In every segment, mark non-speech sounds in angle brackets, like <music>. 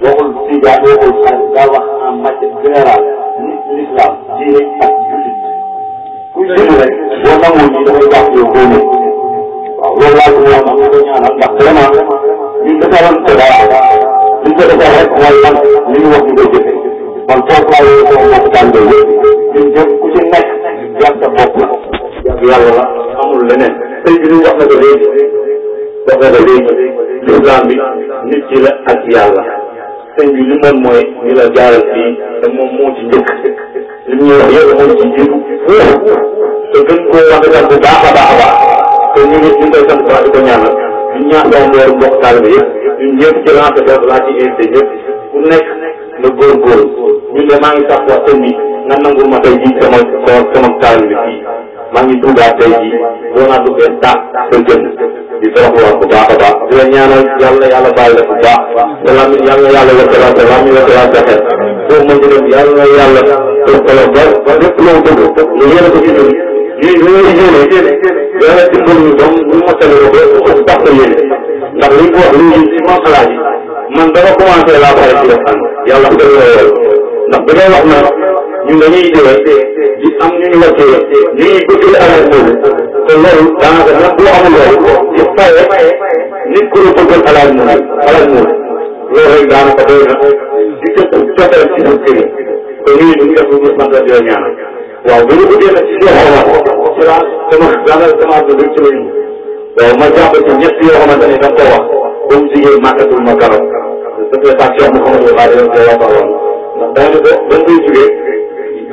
waxul tijaan waxul xarit daa wax en matière générale nit l'islam diine ak jullit kuy jënd rek boo nangoo nii dafay baax yow boo ñëw waaw loolu laa ko ñaanal ma ko ñaanal ndax vraiment ñun defaroon ko daal liñ ko defee rek mooy man li ñu wax ñu koy jëfee man foofu laa yore sama mbokk tàngoor yëpp ñun ñëpp ku ci nekk yàgg sa bopp la yàgg yàlla la amul leneen tey bi ñu wax na ko léegi wax na ko léegi l'islam bi nit ki la ak yàlla sëñ bi li mën mooy ñu la jaaral fii te moom moo ci njëkk li mu ñuy wax yëpp moo ci jiitu te gën koo waxtaan bu baax a baax a baax te ñu ngi ñu koy sant baax di ko ñaanal ñu ñaax doom loolu mbokk taalibe yëpp ñun ñëpp ci lancé boobu laa ci invité ñëpp ku nekk na góorgóorlu ñu ne maa ngi sax wax sëñ bi nga nangul ma tey jii sama sama taalibe bi fii maa ngi tuubaat tey jii doonaa lu bees tax sa jënd di toroxluwaat bu baax a baax di la ñaanal yàlla yàlla bàyyi la bu baax salaam yàlla yàlla wasalaam salaam wasalaam jaxe foofu ma jëlee yàlla yàlla toroxloo ba ba lépp loo bëgg ñu yéene ko ci ñun ñuy ñu ngi yéene yàlla dimbal ñu ba ñu motali ko ba ko tax ko yéene ndax liñ ko wax lu ñu ci mam alaaji man dama commencé laa ko rek ci def ànd yàlla ko def la yool ndax bu dee wax na ñun dañuy jëlee am ñu ñu la téye li ñuy bëgg la alal boobu te loolu daanaka nag boo amul loolu di faye nit ku la bëggal alal moom alal moom loolu rek daanaka doy na di jot jotal ci sa kër te ñuy duñ def lu sant di la ñaanal waaw bu ñu bëggee nag ci sama sama semence bi ci la ñu waaw ma jàpp ci ñett yoo xamante ne da nga ko wax ba mu jigéen màkkatul ma karam de ce fait sax Cheikh Mouhamadou Ba da leen koy waxaloon ndax daanaka ba nga koy jugee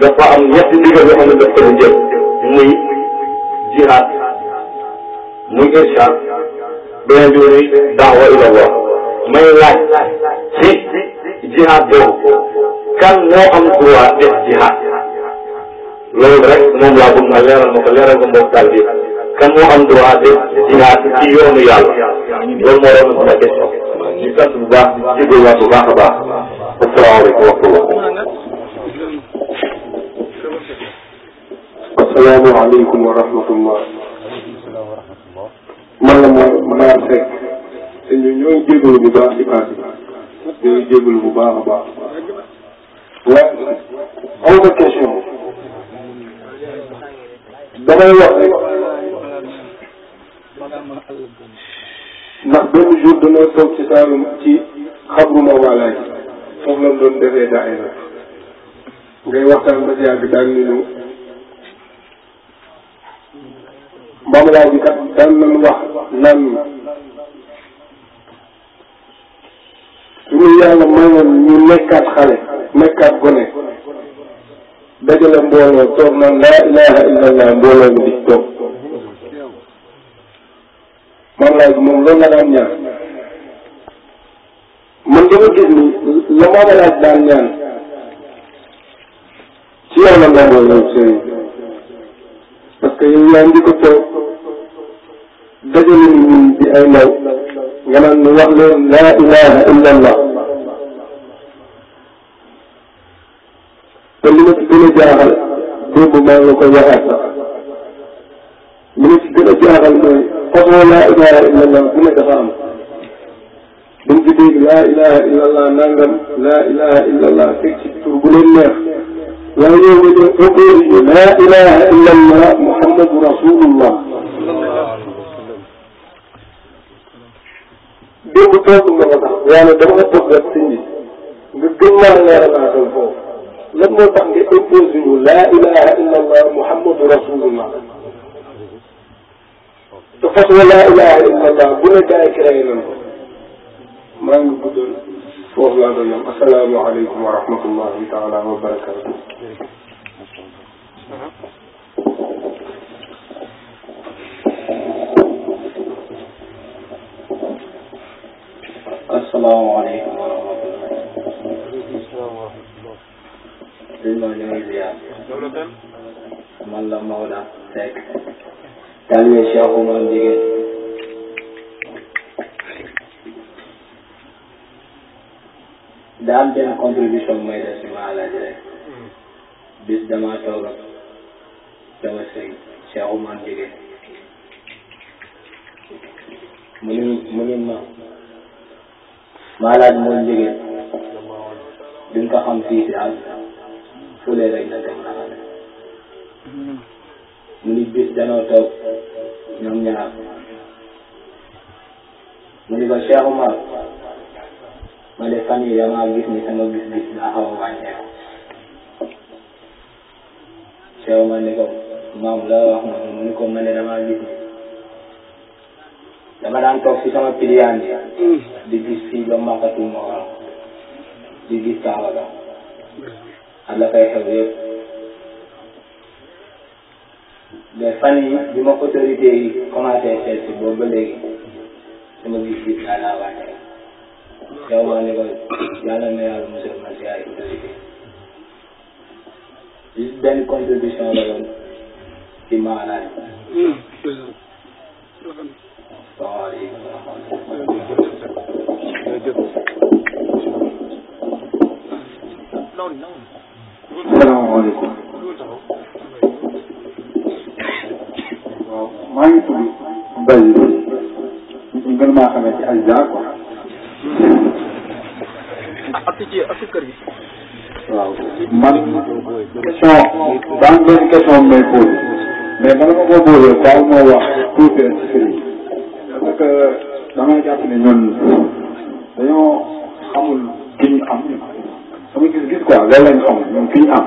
dafa am ñetti ndigal yoo xam ne daf ko jël muy jihaad muy irshad beneen bi muy daawa ila Allah may laaj ci jihaad boobu kan moo am droit def loolu rek moom laa bëgg nga leeral ma ko leeral ko mbokk taal bi kan moo am droit def jihaad ci yoonu yàlla loolu moo doon sama question ñu sant bu baax di jégaluwaat bu baax a baax asalaamaaleykum wa rahmatulah asalaamaaleykum wa rahmatullah. man la Matar Seck. te ñun ñoo ngi jégalu bu baax ci paas bi. ñoo ngi jégalu bu baax a baax. waaw. am nga question. damay wax rek. ndax benn jour dañoo toog ci Saalum ci xabru Mawalaa ji foofu lañ doon defee daayira ngay waxtaan ba si yàgg daal ñu ñëw. bamalaay bi kat danañ wax naan suñu yàlla mayoon ñu nekkaat xale nekkaat gone dajale mbooloo toog naan laa ilaha illallah mbooloo mi di toog bamalaay bi moom loolu la daan ñaan man dama gis ni la bamalaay daan ñaan ci yow la nga doon yow sëriñ que yow yaa ngi ko toog dajale ñun di ay ndaw nga naan ñu wax leen laa ilaha illa allah te ma ci gën a jaaxal démb maa ngi la koy waxaat sax li ma ci gën a jaaxal mooy façon laa ilaha illa bu ne dafa am dañ ci dégg laa ilaha illa allah nangam laa ilaha illa allah teg bu leen neex ويوم يقول لا إله إلا الله محمد رسول الله démb toogu nga ma sax yàlla dama toog rek si nit nga gën maa leeralaatal foofu lan moo tax nga imposé ñu laa ilaha illa allah muhammadu rasulullah te façon laa ilaha illa allah bu ne gars yi créé nañ ko maa ngi guddal foofu laa doon yem asalaamaaleykum taala wa barakaatu. asalaamaaleykum wa rahmatulah. sëñ Ba ñu ngi ziar. man la Maodo Seck. daal daa am benn contribution mooy def si ma laaj bis damaa toog ak sama sëriñ Cheikh Oumar mu ni mu ni ma maa laaj moom Jigéen duñ ko xam fii si àll na dem mu ni bis danoo toog ñoom mu ni ko Cheikh Oumar ma def fan yi damaa gis ni sama gis-gis daa xaw a wàññeeku ni ko maam la wax ni ko ma ne damaa gis ni dama daan toog si sama piliyaan bi di gis fii ba màkkatu di gis Kaaba ga yi bi si boobu ba léegi sama gis-gis daa yow maa ngi koy yàlla na yàlla musal ma si ay autorité benn contribution la yoon ci maanaam. Hmm, salaamaaleykum wa rahmatulah. salaamaaleykum. waaw maa ngi tudd Mbaye. ñu gën maa xamee ci Alja quoi. waaw man question daan benn question may posé mais bala ma ko posé daal moo wax tuuti ci sëriñ parce que damay jàpp ne ñun dañoo xamul ki ñu am ñun sama gis-gis quoi loolu lañ xamul ñun ki ñu am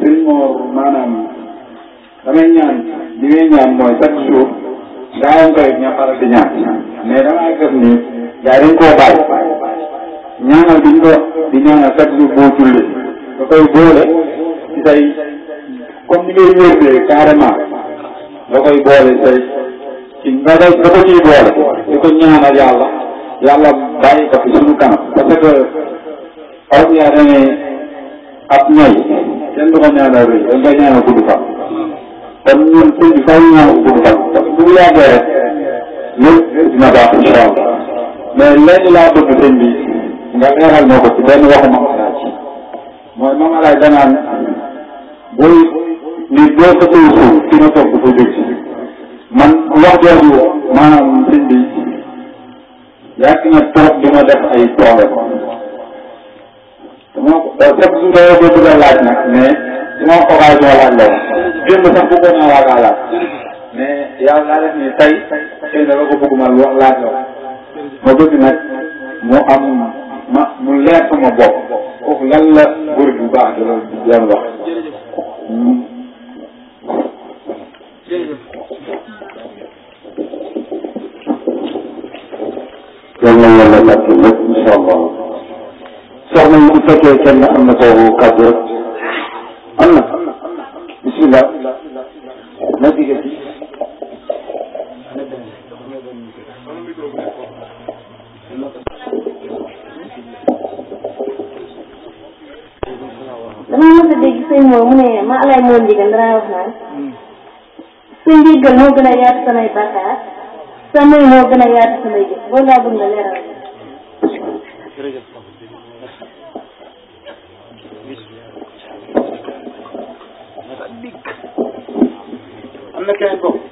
sëriñ Mor maanaam damay ñaan li ngay ñaan mooy chaque jour daawoon koy ñafaral di ñaan mais damaa gis ni gars yi dañ koo bàyyi ñaanal a ñu ko di ñaanal chaque jour boo julli nga koy boole ci say comme ni ngay wérdee carrément nga koy boole say ci nga koy nga ko ciy boole di ko ñaanal yàlla yàlla bàyyi ko fi suñu kanam parce que olof yaa dane ab ñay kenn du ko ñaanal rëy dañ koy ñaanal gudd fan kon ñun sëñ bi faw ñaanal gudd fan parce que bu yàggee rek lépp dina baax incha allah mais léegi laa bëgg sëñ bi nga leeral ma ko ci benn waxu ma xalaat ci mooy moom alaay danaan buy nit boo ko koy suuf fi nga toog dafa jóg ci man wax jooju maanaam sëñ bi yàgg na toog di ma ay toole te moo ko chaque jour dama ko bëgg a laaj nag mais duma occasion laaj la démb sax bëggoon naa laa kaa laaj mais yàlla laa def ni tey xëy na la ko bëgg man wax laaj la ma bëgg nag mu ma mu leer sama bopp kooku lan la góor bu baax di leen wax. yal na yàlla allah soxna yi bu fekkee na kooku kàddu rek am na bisimilah na jigéen dama mës a dégg sëñ moom mu ne ma alay moo ndigal danaa wax naan sa njéggal moo gën a yaatu samay bàkkaar sa moy moo gën a yaatu samay jëf loolu laa bëgg nga leeral am na keneen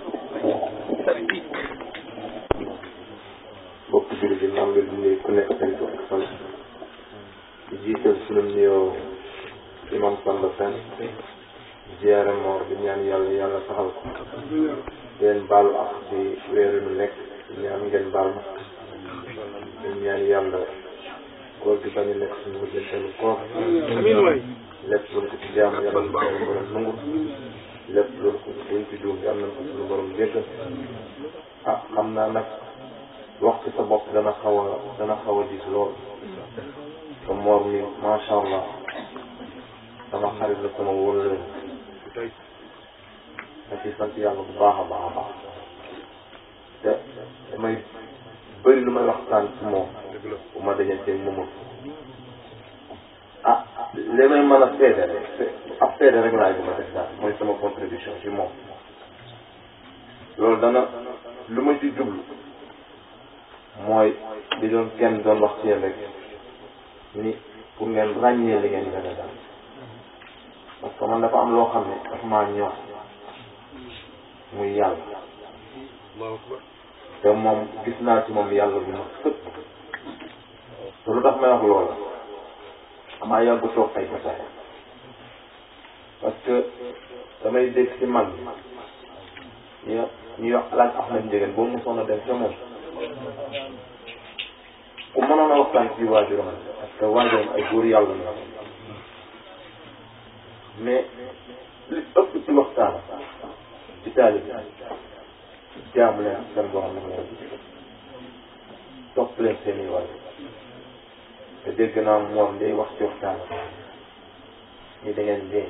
baal ma ñu ñaan yàlla koor gi bañ a nekk suñu mujjanteelu koor lépp luñ ko ci jaam yàlla na ko suñu borom nangu lépp luñ ko luñ ci juum yàlla na ko suñu borom jéggal ah xam naa nag wax ci sa bopp dana xaw a dana xaw a gis lool te moor mi macha allah sama xarit la sama wóorleel ma ci sant yàlla bu baax a baax a baax te damay bëri lu may waxtaan ci moom bu ma dajanteeg moom ah, ah li may mën a seede rek ab seede rek laa ma a def daal mooy sama contribution ci moom loolu dana lu ma ci jublu mooy di doon kenn doon wax ci yéen rek ni pour ngeen ràññee li ngeen gën a daal am loo xam ne dafa maa ñor te moom gis naa ci moom yàlla bu ma sëkk te lu tax may wax loola amaa yàggu toog ay jotaay parce que damay dégg ci mag ñu ñuy wax alaaj Ahmed Ndiéguène boo mosoon a dem ca moom ku mënoon a waxtaan ci waajuram parce que waajuram ay góor yàlla la mais li ëpp ci waxtaan ci taalibe jaamu leen askan boo xam ne mooy topp leen seen i wàll te dégg naa moom day wax ci waxtaan ni da ngeen dee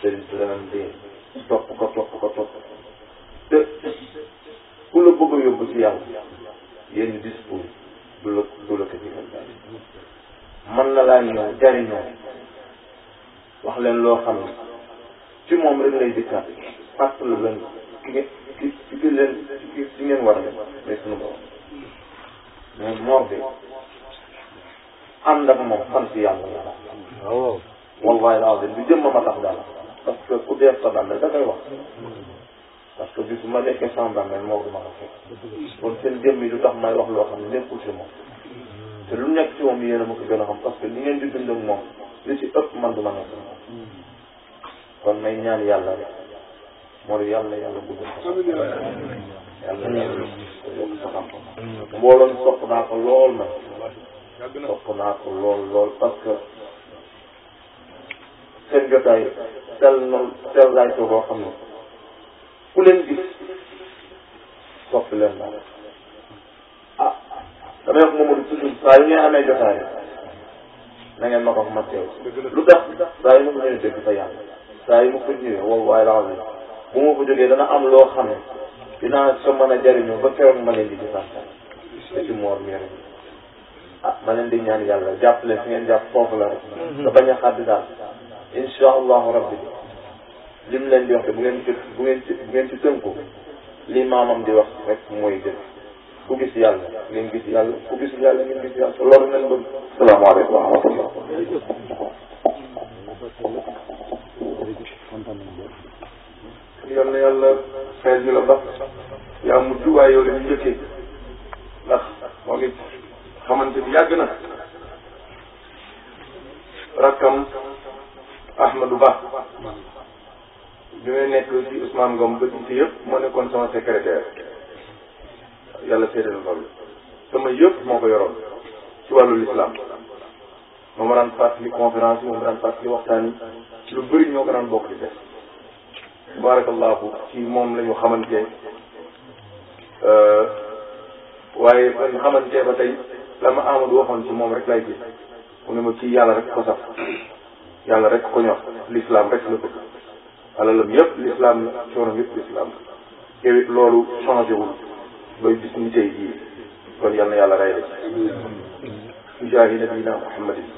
sëriñ bi da ngeen dee topp ko topp ko topp te ku la bëgg a yóbbu ci yàlla yenn discours du la du la ko na laa ñëw jariñoo wax leen loo xam ci ci biir leen ci ci ngeen war a def mais sunu borom moom moor bi ànd ak moom sant yàlla la. waaw wallahi alazim du jëmm ma tax daal parce que ku dee sa bàmmeel da koy wax parce que bis bu ma nekkee sama bàmmeel moo du ma ko fekk kon seen jëmm yi du tax may wax loo xam ne nekkul ci moom te lu nekk ci moom yéen a ma ko gën a xam parce que li ngeen di dund ak moom li ci ëpp man du ma nekk moom kon may ñaan yàlla rek mooy yàlla yàlla bu gën. yàlla yàlla yokk sa xam-xam. mbooloon sopp naa ko lool nag. sopp naa ko lool lool parce que seen jotaay tel na tel laay ko boo xam ne ku leen gis sopp leen daal. ah damay wax Mamadou toujours saa yu ngeen amee jotaay na ngeen ma ko wax ma teew lu tax saa yu ma ko ñëwee dëgg fa yàlla saa yu ma ko ñëwee waaw waaye laa bu ma fa jógee dana am loo xam ne dinaa sa mën a jariñoo ba keroog ma leen di di sànqal ci moor mi rek ah ma leen di ñaan yàlla jàppale fi ngeen jàpp foofu la rek nga mhm. bañ a xàddi daal insha allahu rabbi lim leen di wax bu ngeen ci bu ngeen ci bu ngeen ci tënku li maamam di wax rek mooy gën ku gis yàlla ngeen gis yàlla ku gis yàlla ngeen gis yàlla loolu lañ bëgg salaamaaleykum wa rahmatullah ñaareel ñu la ba yaa mujj waaye yow la ñu njëkkee ndax moom it xamante bi yàgg na rakkam Ahmadou Ba bi may nekk ci Ousmane Ngom ba ci yëpp moo nekkoon sama secrétaire yàlla seede na loolu sama yëpp moo ko yoroon ci wàllu lislaam moom daan fàttali conférence yi moom daan fàttali waxtaan yi lu bëri ñoo ko daan bokk di def tabaarakallaahu ci moom la ñu xamante euh, waaye ba ñu xamante ba tey la ma Amadou waxoon ci moom rek lay gis mu ne ma ci yàlla rek ko saf yàlla rek ko ñor l'islam rek la bëgg alalam yëpp l'islam la coonom yëpp l'islam la yow it loolu changé wul bay bis ñu tey na yàlla rey la ci mujaahi nabina Muhammadin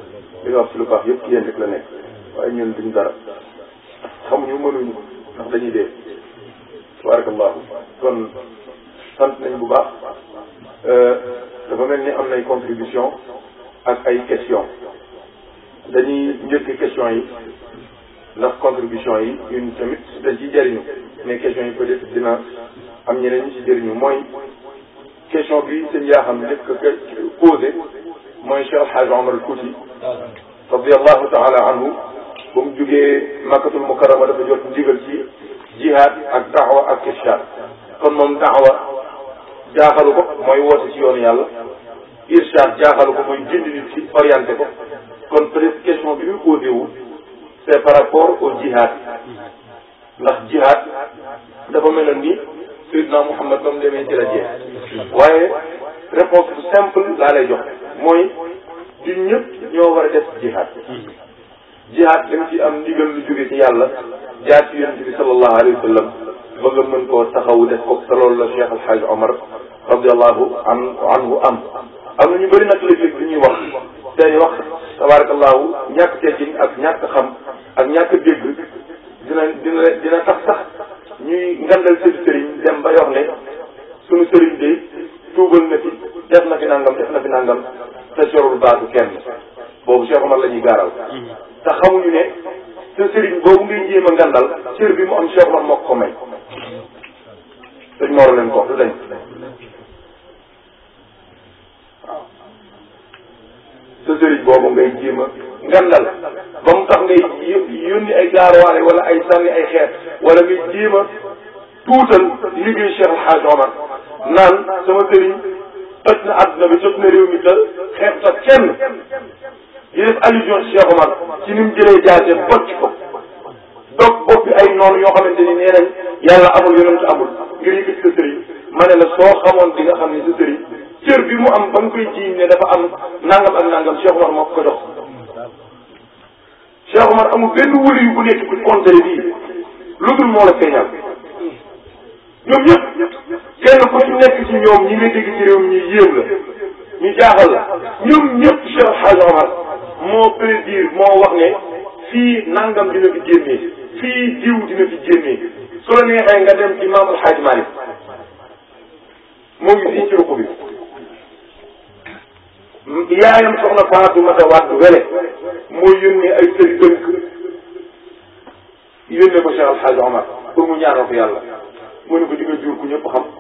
li wax ci lu baax yëpp ci yéen la nekk waaye ñun duñ dara xamuñu mënuñu ndax dañuy dee tabarakallahu kon sant nañ bu baax euh, dafa mel ni am nay contribution ak ay question dañuy njëkk question yi ndax contribution yi ñun tamit dañ ci jëriñu mais question yi peut dina am ñeneen ñu ci jëriñu mooy question bi sëñ yaa xam njëkk a posé mooy Cheikh Alhaj Omar al Fouti radiallahu taala anhu ba mu jugee makkatul mukarrama dafa jot ndigal ci jihaad ak daxwa ak irshaad kon moom daxwa jaaxalu ko mooy woote ci yoon yàlla irshaad jaaxalu ko mooy jindi nit ci orienté ko kon peut-être bi muy posé wu c'est par rapport au jihaad ndax jihaad dafa meloon ni Seydina Muhammad ba mu demee ci la jeex waaye réponse bu simple laa lay jox mooy du ñëpp ñoo war a def jihaad jihaat dañ ci am ndigal lu jóge ci yàlla jaar ci yonent bi sallallahu alayhi wa sallam ba nga mën koo taxawu def ko te loolu la Cheikh El Hadj Omar radiallahu an anhu am am na ñu bëri nag léeg-léeg li ñuy wax tey wax tabarakallahu ñàkk teggin ak ñàkk xam ak ñàkk dégg dina dina dina tax sax ñuy ngandal seen sëriñ dem ba yox ne suñu sëriñ de tuubal na fi def na fi def na fi nangam te corul baatu kenn boobu Cheikh Omar la ñuy gaaral te xamuñu ne sa sëriñ boobu ngay jéem a ngandal cër bi mu am Cheikh moo ko may sëñ Mor leen ko sa sëriñ boobu ngay jéem a ngandal ba mu tax ngay yónni ay gaaruwaale wala ay sànni ay xeet wala ngay jéem tuutal liggéey Cheikh El naan sama sëriñ toj na àdduna bi toj na réew mi te xeet ta kenn di def allusion Cheikh Omar ci ni mu jëlee jaase bocc ko donc bi ay noonu yoo xamante ni nee nañ yàlla amul yonent amul ngir yëkkati sa sëriñ ma la soo xamoon di nga xam ne sa sëriñ cër bi mu am ba nga koy jiiñ ne dafa am nangam ak nangam Cheikh Omar moo ko jox Cheikh amul benn wëli yu bu nekk ci contraire bii lu dul moo la feeñal ñoom ñëpp kenn ku ci nekk ci ñoom ñi ngay dégg ci réew mi ñuy yéem la ñu jaaxal la ñoom ñëpp Cheikh Hadj moo prédire moo wax ne fii nangam dina fi génnee fii diw dina fi génnee su la neexee nga dem ci maam El Hadj Malick moo ngi fii ci ruq bi yaayam soxna Faatumata Wàdd Wele moo yónnee ay sëri dënk yónnee ko Cheikh El Hadj Omar pour mu ñaanal ko yàlla mu ne ko di nga jur ku ñëpp xam mm-hmm.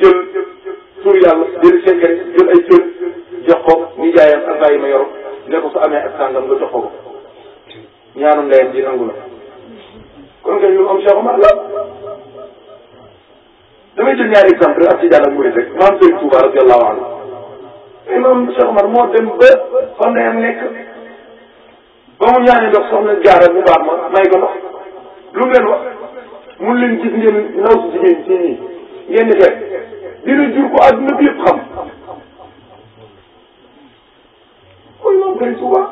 jël suur yàlla jël secret jël ay cër jox ko ñu jaayam ak bàyyi ma yor ne ko su amee ak sàngam nga jox ko ko ñaanu ndeyam ji nangu na kon kay lu am Cheikh Omar la damay jël ñaari exemple ak ci jàll ak murid rek maam Sëriñ Touba radiyallahu anhu imam Cheikh Omar moo dem ba fa ndeyam nekk ba mu ñaanee ndox soxna jaara bu baax ma may ko ndox lu mu leen wax mun leen gis ngeen ndaw si jigéen sii nii ngeen di fekk dina jur ko àdduna bi yëpp xam kon moom day subaa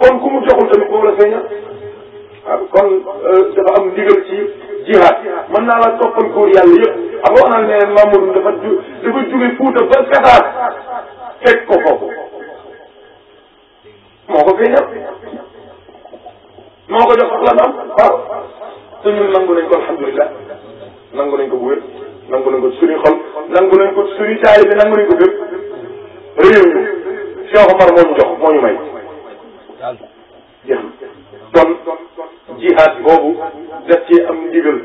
joxul tamit moom la feeñal waaw ah, kon euh, dafa am ndigal ci jihaad mën na la toppal góor yàlla yëpp xam nga wax naa ne Mamadou dafa ju dafa jóge Fuuta ba Qatar fekk ko foofu moo ko feeñal moo ko jox soxla na am waaw te ko alhamdulilah nangu nañ ko bu nangu nañ ko ci suñuy xol nangu nañ ko ci suñuy taalibe nangu nañ ko fépp réew ñu Cheikh Omar moo ñu jox moo ñu may jeex kon jihaad boobu def ci am ndigal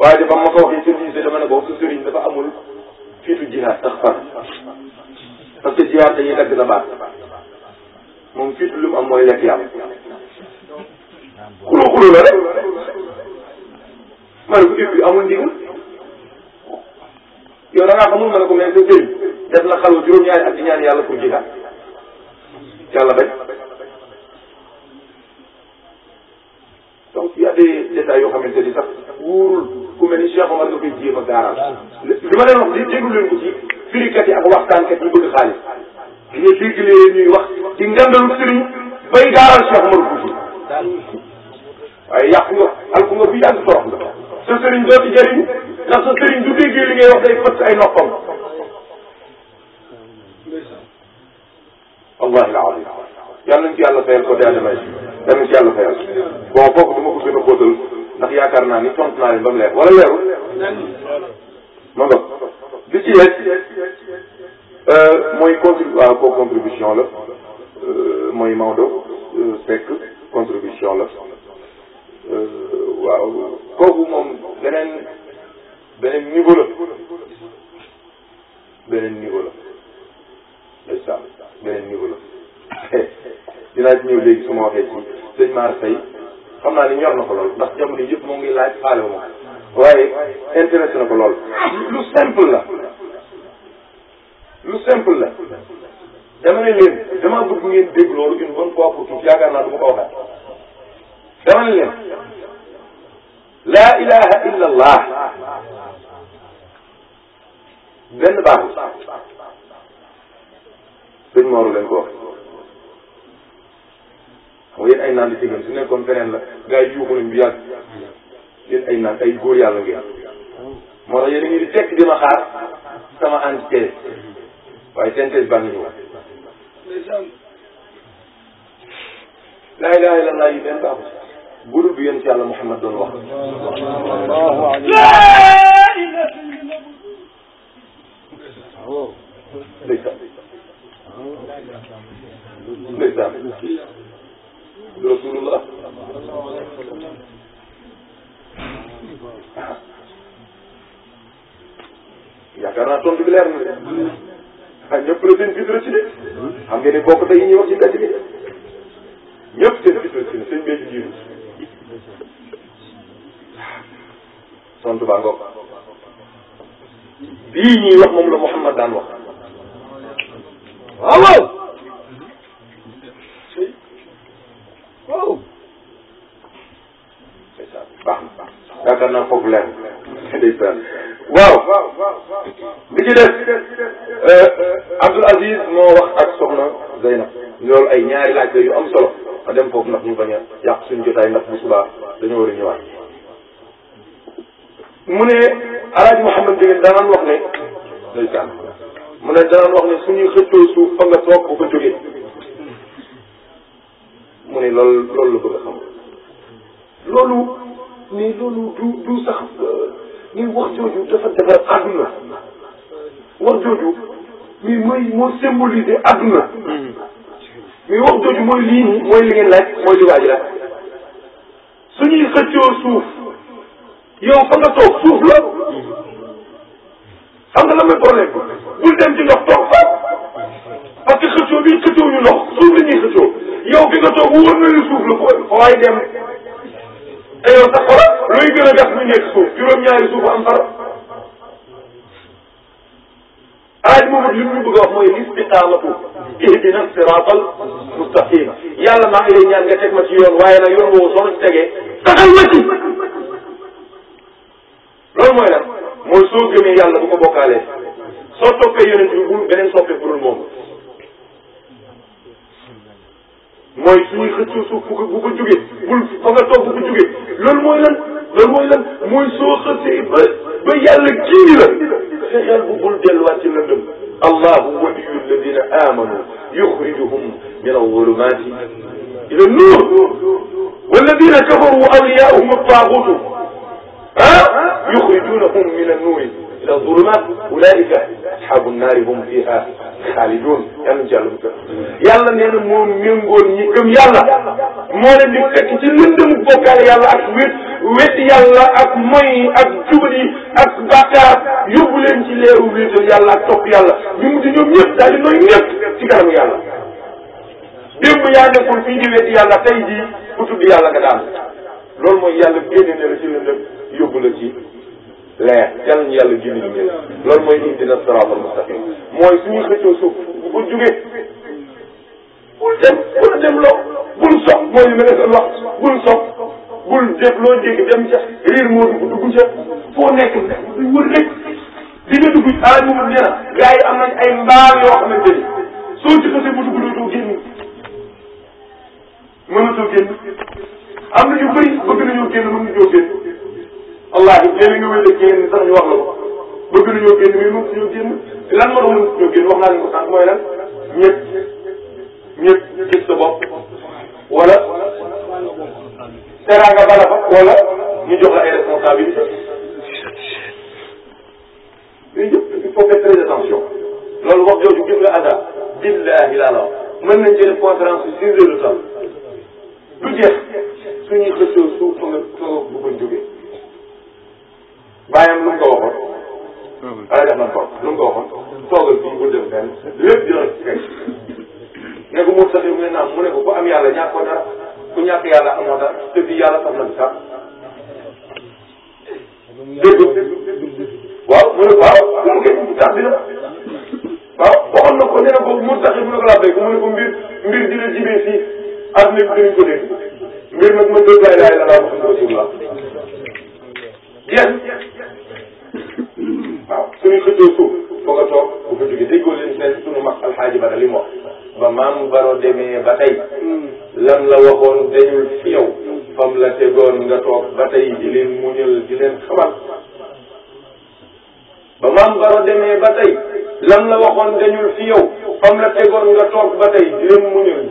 waaye dafa ma ko waxee seen lycée dama ne ko sëriñ dafa amul fiitu jihaad sax far parce que jihaad dañuy dagg la baat moom fiitu lu mu am mooy lekk yàlla xuloo xuloo la rek ma ne ko bi amul ndigal yow da ngaa xamul nga ne ko mais sa sëriñ def la xalwa juróom-ñaari ak di ñaan yàlla pour jihaad yàlla bañ donc y a des détails yoo xamante ni sax wóorul ku mel ni Cheikh Omar nga li ma leen wax li déglu leen ko ci firikat yi ak waxtaankat yi bëgg xaalis di nga dégg leen ñuy wax di ngandalu sëriñ bay gaaral Cheikh Omar Fouti waaye nga alku nga bu yàgg torox nga sa ndax sa sëriñ du li ngay wax day ay noppam wallahi alazim yàlla nañ ci yàlla fayal côté Adamaye yàlla nañ ci yàlla fayal bon du ma ko gën a xóotal ndax yaakaar naa ni tontu naa leen ba mu leer wala leerul ma nga li ci yeeg euh, mooy contribu waaw ko contribution la euh, mooy Maodo fekk euh, contribution la waaw kooku moom beneen niveau la beneen niveau la ndeysaan beneen niveau la <laughs> dinaa ci ñëw léegi su ma waxee ci sëñ Maar Faye xam naa ni ñor na ko lool ndax jamono yëpp moo ngi laaj faale wu ma ko waaye intéressé na ko lool lu simple la lu simple la dama ne leen dama bëgg ngeen dégg loolu une bonne fois pour toutes yaakaar naa du ma ko waxaat dama ilaha illa benn baaxul sëñ Mor leen ko wax xam ay naan di ci gën su nekkoon feneen la gars yi yuuxu nañ bi yàgg yéen ay naan ay góor yàlla ngeen moo tax yéen a ngi di tekk di ma xaar sama antithèse waaye seen thèse baa ngi ñëw laa ilaha illa allah yi benn baaxul budul bi yéen ci yàlla Muhammad doon wax ndeysaan ndeysaan rasulullah yaakaar naa tontu bi leer na de ah ñëpp la seen bés la ci de xam ngeen ne bokk tey ñuy wax ci mbedd bi ñëpp lii ñuy wax moom la Mouhamad daan wax waaw waaw waaw baax na yaakaar naa foofu leer waaw li ci des euh, Abdoul Aziz moo wax ak soxna Zeynab loolu ay ñaari laaj la yu am solo a dem foofu ndax ñu bañ a yàq suñu jotaay ndax bu subaa dañoo war a alaaji Mouhamed Ndieguene danaan wax ne mu ne danaan wax ne suñuy xëccoo suuf fa toog ko jógee mu ne loolu loolu la bëgg sax euh, ni wax jooju dafa defar àdduna wax jooju mi mooy moo symboliser àdduna mi wax jooju mooy lii nii mooy li laaj mooy li laaj suñuy xëccoo suuf yow fa nga toog suuf la xam nga lan bul dem ci ndox toog fa parce que xëccoo bi xëccoo ñu ndox suuf la ñuy xëccoo yow fi nga toog wóor na lu suuf la ko waaye dem te yow sax xoolal looy gën a gas ñu nekk suuf juróom-ñaari suuf am far aaj moom li ñu bëgg a wax mooy istiqaamatu ihdina siraatal lay ñaan nga ma ci yoon waaye nag yoon woowu soo ma ci tegee taxal loolu mooy lan mooy soo gëmee yàlla bu ko bokkaalee soo toppee yonent bi bu beneen soppe bu dul moom mooy suñuy xëccoo suuf bu ko bu ko jugee bul fa nga toog bu ko jugee loolu mooy lan loolu mooy lan mooy soo xëccee ba ba yàlla kii la fexeel bu bul delluwaat ci lëndëm allahu waliyu alladina amanu yuxrijuhum min alzulumati ila nur walladina kafaru awliyaahum attaagutu ah يخرجونهم من النور إلى الظلمات أولئك أصحاب النار هم فيها xaalidoon yàlla jàll bu yàlla nee na moom méngoon ñi gëm yàlla moo leen di fekk ci lëndëm bokkaale yàlla ak wét wét yàlla ak moy ak jubali ak bàkkaar yóbbu leen ci leeru wéetal yàlla ak topp yàlla ñu mujj ñoom ñëpp daal di nooy ñëpp ci kanamu yàlla démb yaa nekkoon fii di wét yàlla tey jii ku tudd yàlla daal loolu mooy yàlla génne na la ci lëndëm yóbbu la ci leer yal nañu yàlla gindi ñu ñëw loolu mooy ihdina siraatal mustaqim mooy suñuy xëccoo suuf bu jugee bul dem bul dem loo bul sox mooy li ma leen wax bul sox bul def loo dégg dem ca riir moo dugg dugg ca foo nekk wër rek di nga dugg aaju wut nee na gars yi am nañ ay mbaar yoo xamante ni soo ci xasee bu dugg dootoo génn mënatoo génn am na ñu bëri bëgg nañoo génn mën nañoo génn. wallaahi léegi nga wéy génn sax ñu wax la ko bëgg nañoo génn mais mënut ñoo génn lan moo tax mënut ñoo génn wax naa leen ko sànq mooy lan ñëpp ñëpp gis sa bopp wala teraanga bala fa wala ñu jox la ay responsabilité yooyu yëpp il faut faire très attention loolu wax jooju gis nga ada billahi laa la wax mën nañ ci def conférence su six heures de temps du jeex suñuy xëccoo suuf fa nga fa nga bëggoon jógee bàyyam lu mu ko waxoon. rajo ah am na toog lu mu ko waxoon. toogal fii bu def benn lépp dina fekk. ne ko mu taxi mu ne naam mu ne ko ku am yàlla ñàkk ko dara ku ñàkk yàlla amoo dara te fii yàlla sax na bi sax. dégg waaw mu ne waaw lu mu ngi tax dina waaw waxoon na ko nee na ko mu taxi mu ne ko laa béy mu ne ko mbir mbir dina jibee fii àdduna bi dinañ ko dégg mbir nag mën nga jaay laay la laa wax dëgg yàlla. waaw suñu xëccoo suuf fa nga toog bu fa jógee déggoo leen seen suñu mag alxaaji li mu wax ba maam baro demee ba tey la waxoon dañul fi yow fam la tegoon nga toog ba tey di leen muñal ba maam baro demee ba tey la waxoon dañul fi yow la tegoon nga toog ba tey di leen muñal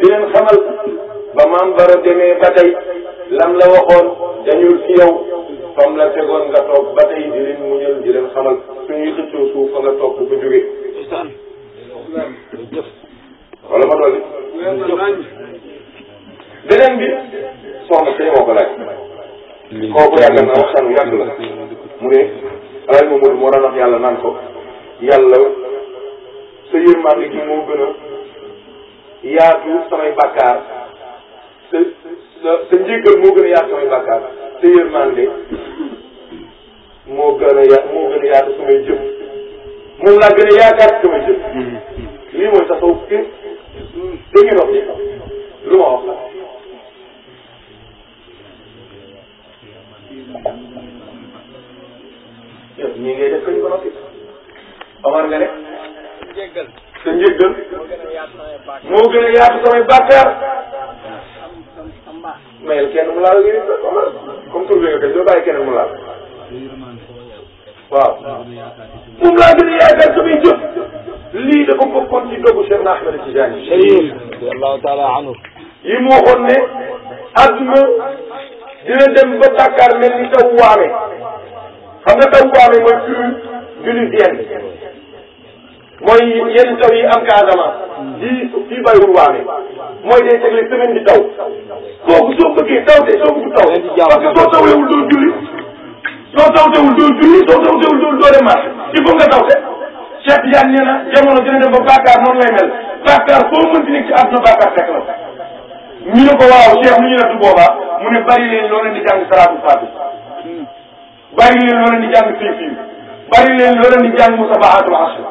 ba maam baro demee ba tey waxoon dañul fi fam la tegoon nga toog ba tey di leen muñal di leen xamal suñuy xëccoo suuf fa nga toog bu ko jógee. wala ma dolli. beneen bi soxna tey moo ko laaj. kooku yàgg na waxtaan yàgg la mu ne alal ma moo daan wax yàlla naan ko yàlla sa yërmande gi moo gën a yaatu samay bàkkaar sa sa sa njéggal moo gën a yaatu samay bàkkaar te yërmande moo gën a ya moo gën a yaatu samay jëf moom laa gën a yaakaar samay jëf mm-hmm. lii mooy taxaw fi dañuy wax lu ma wax la ñii ngay def kañ ko noppi Omar nga ne sa njëggal moo gën a yaatu samay bàkkaar mayel kenn mu la comme tur bi nga koy doo kenn mu laal waaw. moom laa gën a yaakaar samay jëf lii dafa bokkoon ci dogu Cheikh Ahmed Tidiane. allahu taala anhu yi mu waxoon ne àdduna dina dem ba Dakar mel ni taw waame xam nga taw waame mooy pluie mooy yenn taw yi am Casamance. di fii bàyyiwul waame. mooy day tegle semaine di taw kooku soo bëggee taw te soo bëgg taw parce que soo tawlewul doo julli soo tawtewul doo julli soo tawtewul doo doo dem marché il faut nga taw te Cheikh Tidiane nee na jamono dina dem ba bàkkaar noonu lay mel bàkkaar foo mënti nekk ci àdduna bàkkaar fekk la ñu ne ko waaw Cheikh nu ñu def du boobaa mu ne bari leen loo leen di jàng salaatu fàddu bari leen loo leen di jàng fii fii bari leen loo leen di jàng musabahatul asr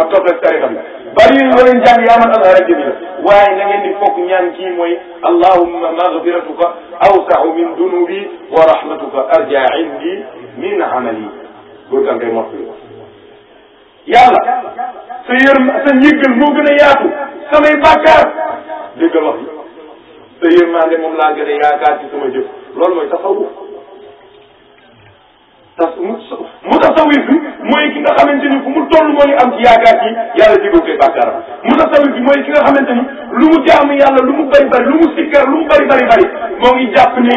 ak topp rek tarixa bi bari yooyu yoo leen jàng yaa man azhara jamila waaye na ngeen di fokk ñaan kii mooy allahumma maghfiratuka awsau min dunubi wa rahmatuka arja indi min amali loolu da nga koy mottali ko yàlla sa yërm sa njëggal moo gën a yaatu samay moom laa gën a yaakaar loolu mooy tasawuf tas mu tasawif bi mooy ki nga xamante ni fu mu toll yaa ngi am ci yaakaar ci yàlla jégal koy bàkkaaram mutasawwif bi mooy ki nga xamante ni lu mu jaamu yàlla lu mu bëri bëri lu mu sikkar lu mu bëri bëri bëri moo ngi jàpp ne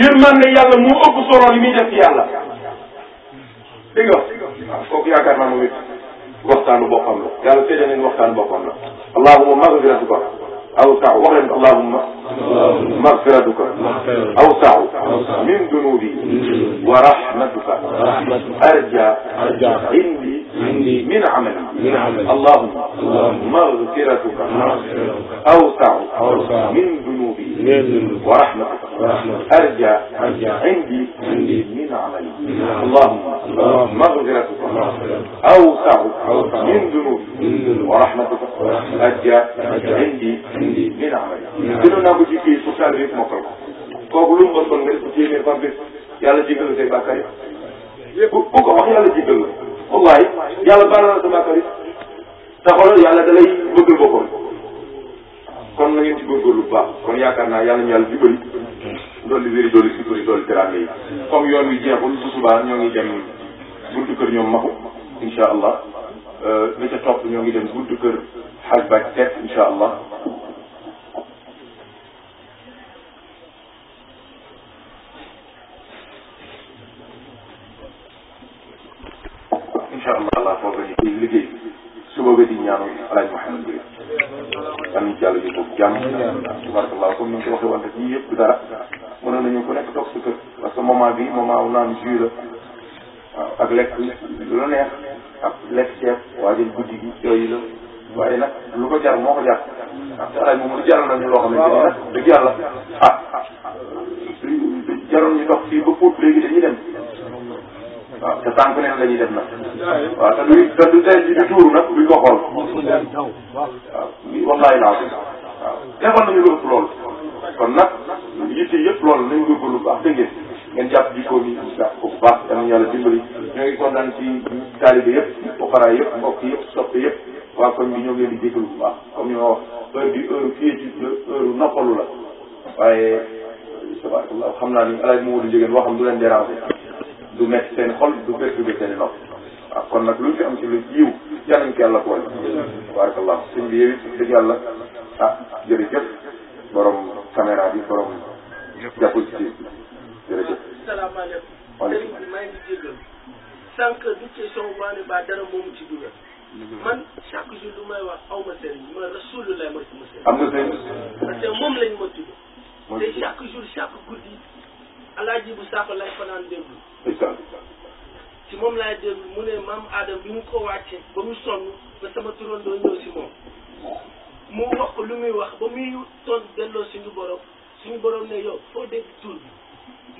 yërmande yàlla moo ëpp solo li muy def ci yàlla dégg nga waaw ah, kooku yaakaar naa moom it waxtaanu boppam la yàlla seede neen waxtaan boppam la allahuma magfiratuka أوسع وغلب اللهم مغفرتك أوسع من ذنوبي ورحمتك أرجى عندي مني من عمل من عمل اللهم مغفرتك أوسع من ذنوبي ورحمتك أرجى عندي من عملي اللهم مغفرتك أوسع من ذنوبي ورحمتك أرجى عندي من عملي gënoon naa ko ci kii pour saa yëpp mokkal ko kooku lu mu nga sonn nga def ko téeméer par bés yàlla jégal la say bàkkaar yëpp ku ko wax yàlla jégal la wallaay yàlla baal na sa bàkkaar yi taxawal yàlla da lay bëggal boppam kon na ngeen ci góorgóorlu baax kon yaakaar naa yàlla ñu yàlla jubali dolli wéri dolli sukkuri dolli teraanga yi comme yoon wi jeexul bu subaa ñoo ngi dem buntu kër ñoom maxu insha allah li euh, ca topp ñoo ngi dem buntu kër xaj insha allah moom naan jus la waaw ak lekk lu la ak lekk ceeb waaye nag lu ko jar moo ko jar ndax te moom lu loo xamante ni nag dëgg yàlla ah jaroon ñu dox fii ba Pout léegi dañuy dem waaw ah, te tànk neen la dem nag waaw te du te ko xool waaw ah, wallaay laa waaw ah, defoon nañu kon nag yitte yëpp loolu nañ góorgóorlu bu baax dégg ngeen ngeen jàpp jikkoo bi jàpp ko bu baax danañ yàlla dimbali ñoo ngi kontaan ci taalibe yëpp bopparaay yëpp mbokk yëpp soppe yëpp waa koñ bi ñoo ngi leen di jéggalu bu baax comme ni ma wax heure bi heure quiétude la heure noppalu la waaye tabarakallah xam naa ni alaaji Mamadou Ndiéguène waxam du leen déranger du metti seen xol du perturbé seen nopp waaw ah, kon nag luñ fi am ci lu yiw yal nañ ko yàlla boole tabarakallah sëñ bi yow it dëgg yàlla ah jërëjëf borom caméra bi borom jàppul ci jërëjëf salaamaaleykum. waaleykum salaam sëriñ bi maa ngi jégal. sànq du question maa ne ba dara moomu ci man chaque jour lu may wax aw ma sëriñ ma rasulullah mooy sama sëriñ. am nga sëriñ. parce que moom lañ ma tudd. mooy te chaque jour chaque guddi alaaji bu saako lay fanaan déglu. incha ci moom laay déglu mu ne maam Adam bi ko wàccee ba son sonn ba sama turandoo ñëw si mu wax ko lu muy wax ba muy toon delloo suñu borom suñu borom ne yow foo bi.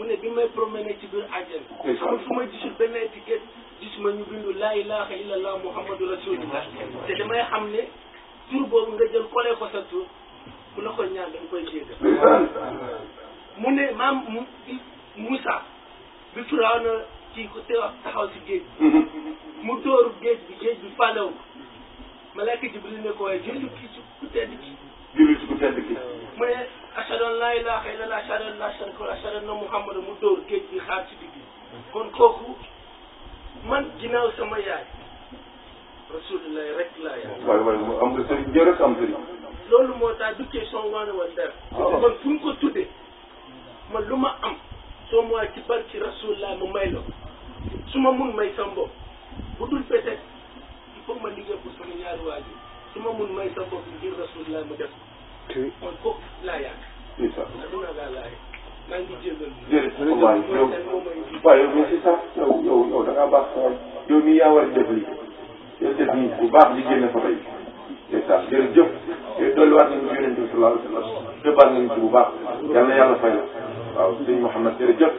mu ne bi may promené ci biir àjjana man su ma gisul benn étiquette laa ilaha illallah muhammadu rasulillah te damay xam ne tur boobu nga jël collé ko sa tur ku la ko ñaan danga koy jéggal mu ne maam Moussa bi Firawna kii ko te wax taxaw si géej bi mhm. mu dóoru géej bi géej bi fàllewu malaaka Jibril ne ko waaye jëlu kii ci ku tedd ki jëlu ci ku tedd ki mu ne ashhadu an laa ilaaha illallah ashhadu an laa sharika lahu ashhadu anna muhammadan mu dóor géej gi xaar ci digg kon kooku man ginnaaw sama yaay rasulullah rek laa yaay. waaw waaw am nga sëriñ jërëjëf am sëriñ. loolu moo tax du question waane wala dara. Ah, waaw man fu ñu ko tuddee man lu ma am. soo mu ci barki rasulullah mu may la su ma mun may sa mbopp bu dul peut-être il faut ma liggéey pour sama ñaari waajur su ma mun may sa mbopp ngir rasulullah mu def. kon kooku laa yaakaar. incha allah. jërëjëf waaye yow waaye yow si sax yow yo yow da ngaa baax sax yow mii yaa war a def lii yow def nii bu baax di génne photo yi ndeysaan jërëjëf yow dolliwaat nañu ci yonent bi sallallahu alayhi wa sallam dëbbaat nañu ci bu baax yal na yàlla fay la waaw sëñ Mouhamed jërëjëf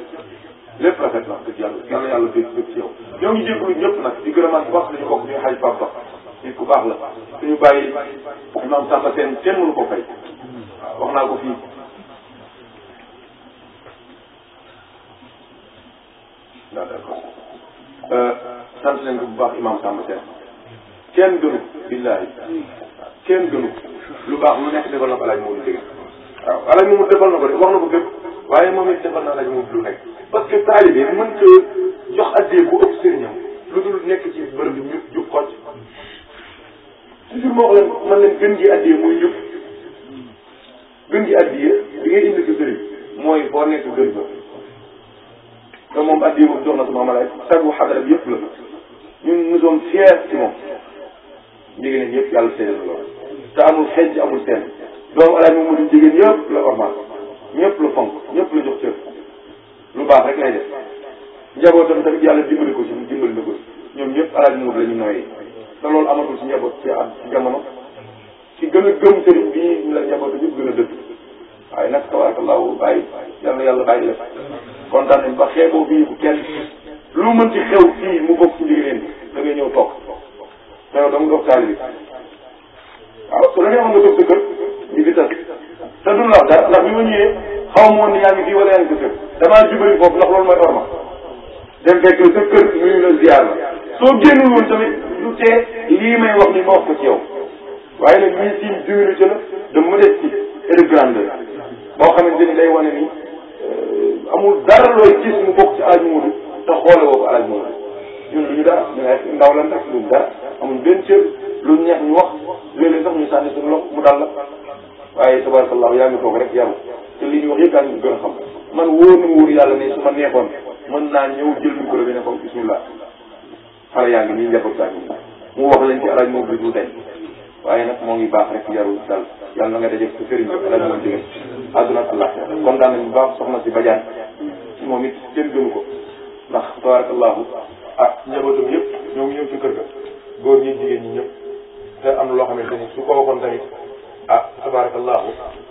lépp rafet dëgg yàlla yal na yàlla béy bépp ci yow ñoo ngi jégalu ñëpp nag di gërëmaat bu baax suñu bokk suñu xaj Pape Ba nit ku baax la ko fay waaw naa ko fii waaw d'accord euh, sant leen ko bu baax imam Samba du kenn gënu kenn gënu lu baax lu nekk defal na ko alaaj moomu jege waaw alaaj moomu defal na ko de wax na ko fépp waaye moom it defal na alaaj moomu lu nekk parce que taalibe mën te jox addee bu ëpp sëriñam lu dul nekk ci bërëb bi ñu jub xocc toujours moo ko leen man leen gën gi addee muy jub gën gi addee di ngay indi sa sëriñ mooy boo nekk te moom addi boobu jox na ko Mame Laye tagu xadara bi yëpp la ñun nous sommes fiers ci moom jigéen ñi yëpp yàlla seedal lool te amul xeej amul seen doomu alaaj moom mu jigéen yëpp la ormal ñëpp la fonk ñëpp la jox cër lu baax rek lay def njabootam tamit yàlla dimbali ko ci dimbali na ko ñoom ñëpp alaaj muur la ñu nooyee te loolu amatul ci njaboot ci at ci jamono ci gën a gëm sëriñ bi la njaboot ñëpp gën a dëgg waaye nag tabarakallahu bàyyi yal na yàlla bàyyi la kontaan ba xeeboo bii bu kenn lu mën ci xew fii mu bokk ci njëg leen da ngay ñëw toog te yow dama doog taal bi waaw su la neexoon nga toog sa kër ñu fi tas te duñ la wax dara ndax bi ma ñëwee xaw ma woon ne yaa ngi fii wala yaa ngi sa kër damaa sa kër nuyu la ziar la soo génnul woon tamit lu tee lii may wax ni ma wax ko ci yow xamante ni day wane ni euh, amul dara looy gis mu bokk ci alaaj Moodu te xoole woo alaaj Moodu ñun duñu dara ñu nekk ndaw lan rek luñ dara amuñ benn cër lu neex ñu wax léeg-léeg sax ñu sànni suñu loxo mu dal la waaye tabarakallah yaa ngi toog rek yaru te li ñu wax yëpp yaa a man wóor na ma wóor yàlla ne su ma neexoon mën naa ñëw jël micro bi ne ko bismillah xale yaa ngi nii njaboot yaa ngi mu wax leen ci alaaj Moodu du tey waaye nag moo ngi baax rek yaru dal yàlla na nga dajeeg sa sëriñ bi alal mooy a àdduna ak laxira kontaan nañu baax soxna si bajaan moom it kenn gënu ko ndax tabarakallahu ah njabootam yëpp ñoo ngi ñëw ci kër ga góor ñi jigéen ñëpp te am na loo xamante ni su ko waxoon tamit ah tabarakallahu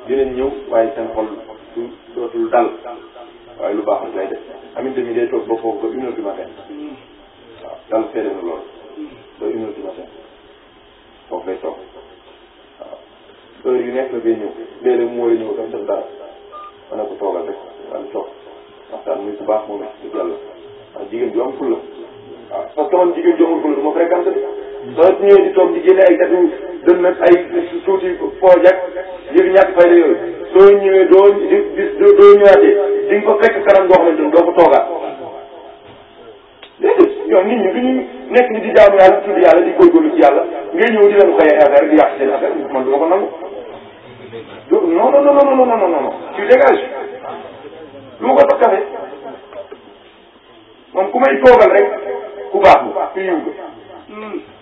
dinañ ñëw waaye seen xol du dootul dal waaye lu baax rek lay def amin tamit day toog ba foofu ba une heure du matin dal seede na loolu ba une foofu lay toog waaw heure yu nekk la day ñëw léeg mu war a ñëw sax def dara di toog waxtaan baax moom it dëgg yàlla waaw ah, jigéen ju am ful la waaw ah, parce que man jigéen ju amul ful la di toog di génne ay gàtt di di doo di nga ko fekk kanam goo xamante ni doo ko toogaat léegi yow nit ñi di jaamu yàlla di góorgóorlu nga ñëw di leen xëyee affaire di yàq seen affaire man du ma ko nangu. non non non non tu dégages du ma ko sax kafe moom ku may toogal rek ku baax la ku yiw la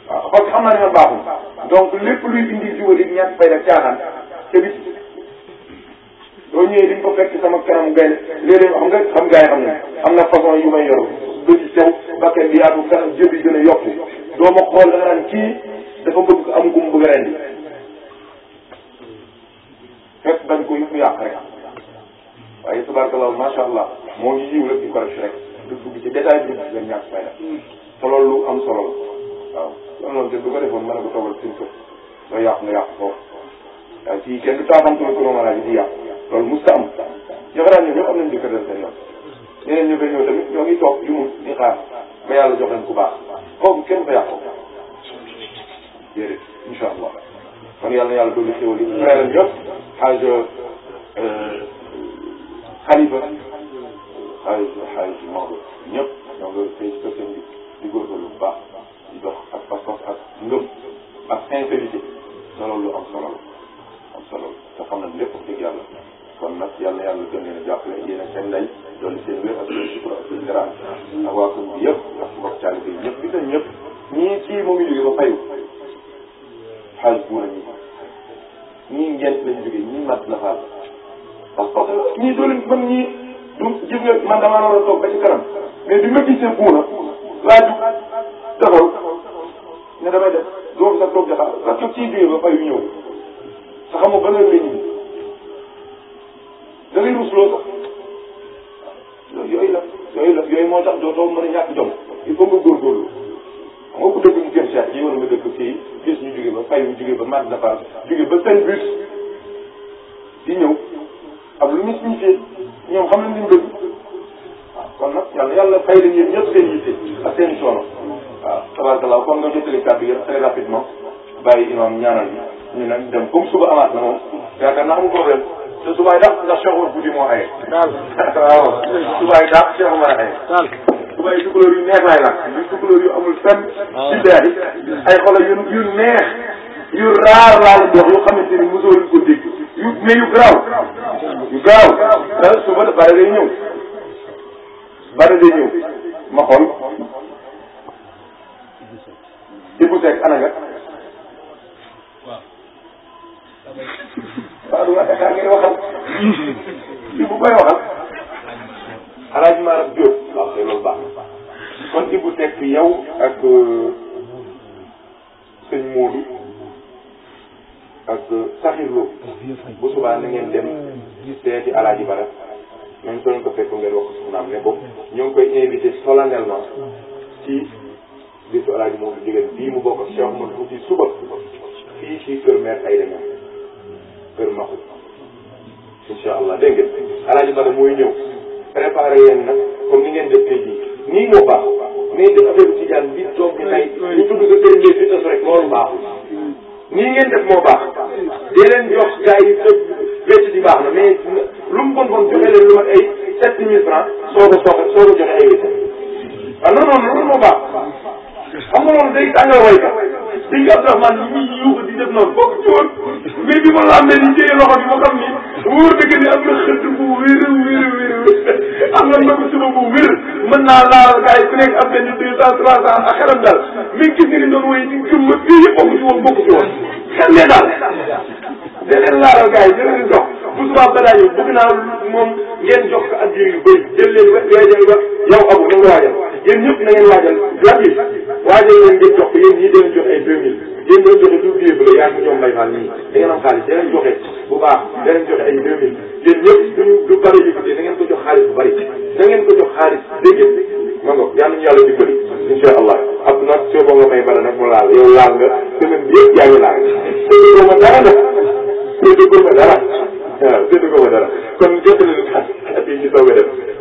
waaw ah, parce que xam naa ne man baaxul donc lépp luy indi jiw di ñàkk fay def caaxaan ca bit doo ñëwee di nga ko fekk sama kanam gay am na façon yu may yor bët yi sew bakkan bi yaatu kanam jëb yi gën a yokku doo ma xool da dafa bëgg am gum bëgg rendi fekk dañ ko yëpp yàq rek waaye tabarakallah macha allah moo ñu jiw rek di ko rek du dugg ci détail bi gën ñàkk fay la te loolu lu am solo la waaw loolu noonu te bu ko defoon mën na ko toogal suñ kër nga yàq nga yàq foofu waaye fii kenn du taaxamtuma ko mën a di yàq loolu musta am joxeraan ñoom ñëpp am nañ di ko def seen yoon ñeneen ñu koy ñëw tamit ñoo ngi toog yu mu di xaar ba yàlla jox leen ku baax kooku kenn ko yàq kon yàlla na yàlla doolu xéwal yi frère yëpp xaaj xalifa xaaj xaaj Maodo ñëpp ñoo ngi tey ci seen bi di góorgóorlu bu baax di dox ak pas-pas ak ngëm ak sincérité loolu lu am solo la am solo la te xam nañ lépp dëgg yàlla kon nag yàlla na yàlla gën leen a jàppale yéen ak seen ndey doolu seen wér ak seen sutura ak seen garaan ak waa commune bi yëpp ak mbokk taalibe yi ñëpp gis nañ ñëpp ñii kii moo ngi jógee ba fayu xaalis buur a ñi ñii ngent lañ jógee ñii màtt na faal parce que ñii doo leen man ñii du gis nga man damaa war a toog ba ci kanam mais bi ma gisee buuna laa jug taxaw ne damay def doo fi sax toog di xaar parce que ciy jógee ba fay yu ñëw sa xam nga ban heure lay ñibbi da ngay rusloo sax yooyu la yooyu la yooyu moo tax doo toog mën a ñàkk jom il faut nga góorgóorlu moo ko dëgg ñu kër Cheikh yi waroon a dëkk fii gis ñu jóge ba fay ñu jóge ba mat dafa jóge ba seen but di ñëw ak lu ñu signifié ñoom xam nañ li ñu bëgg waaw kon nag yàlla yàlla fay la a ñëpp seen yitte ak seen coono waaw tabarakallah kon nga jottali kàddu yi très rapidement bàyyi imam ñaanal ñu nag dem comme suba amaat na moom yaakaar naa amul problème te subaay dàq ndax Cheikh Omar Fouti moo aye <laughs> waaw subaay dàq Cheikh Omar aye bu yu neex laay yu yu amul fenn. waaw billaahi ay a yu yu neex yu raar laa leen di wax yoo xamante ni mosoo yu mais yu garaaw yu garaaw te suba bare day ñëw bare day ñëw ma xool Ibou Seck ana nga. waaw. waaw du alaaj Maara Diop waaw kay loolu baax na kon ci bu tekk yow ak euh, sëñ Moodu ak euh, Saxir Lo bu subaa na ngeen dem seeti alaaji Bara même soo ko fekk ngeen wax ko soxnaam ne ko ñoo ngi koy invité solennellement ci bisu alaaji Moodu jigéen bii mu bokk ak Cheikh Oumar Fouti suba fii ci kër mère ay demee kër Maxu incha allah dégg ngeen alaaji Bara mooy ñëw préparé yéen nag comme ni ngeen def tey jii nii moo baax mais def affaire bi ci jaan bi toog di tey ñu tudd sa seen mbir fi tos rek loolu baaxul nii ngeen di leen jox gars yi sa wecc di baax na mais lu mu bon bon joxe leen lu mat ay sept mille francs soo ko soxla soo ko joxe ay def naa foog ñëwoon mais bi ma la amee nii jëyee loxo bi ma xam ni wóor dëgg ni am na xëtt bu wér wér wér am na ndogu suba bu wér mën naa laal gars yi ku nekk am nañu deux cent trois cent ak xelam daal mi ngi gis ne ni doon woy ci gëm ma fii yëpp bokk ci woon bokk ci woon xel ne daal da leen laalal gars yi dina leen jox bu subaa ba daal bëgg naa moom ngeen jox ko ak jiw yu bëri jël leen wa waajal wa yow abu na nga waajal yéen ñëpp na ngeen waajal laaj yi waajal leen ngeen jox ko yéen ñii deen jox ay deux mille démb la joxe du biir la yaa ngi ñoom lay fal nii da ngeen am xaalis da ngeen joxe bu baax da ngeen joxe ay 2000 yéen ñëpp duñu du bari yëkkati da ngeen ko jox xaalis bu bari da ngeen ko jox xaalis dégg ma nga yal nañu yàlla dimbali incha allah ab nag soo ko nga may bala nag mu laal yow laal nga semaine bi yëpp yaa ngi laal séddoo ma dara nag séddoo ma dara waaw séddoo ma dara kon jotale lu xas at yi ci soog a dem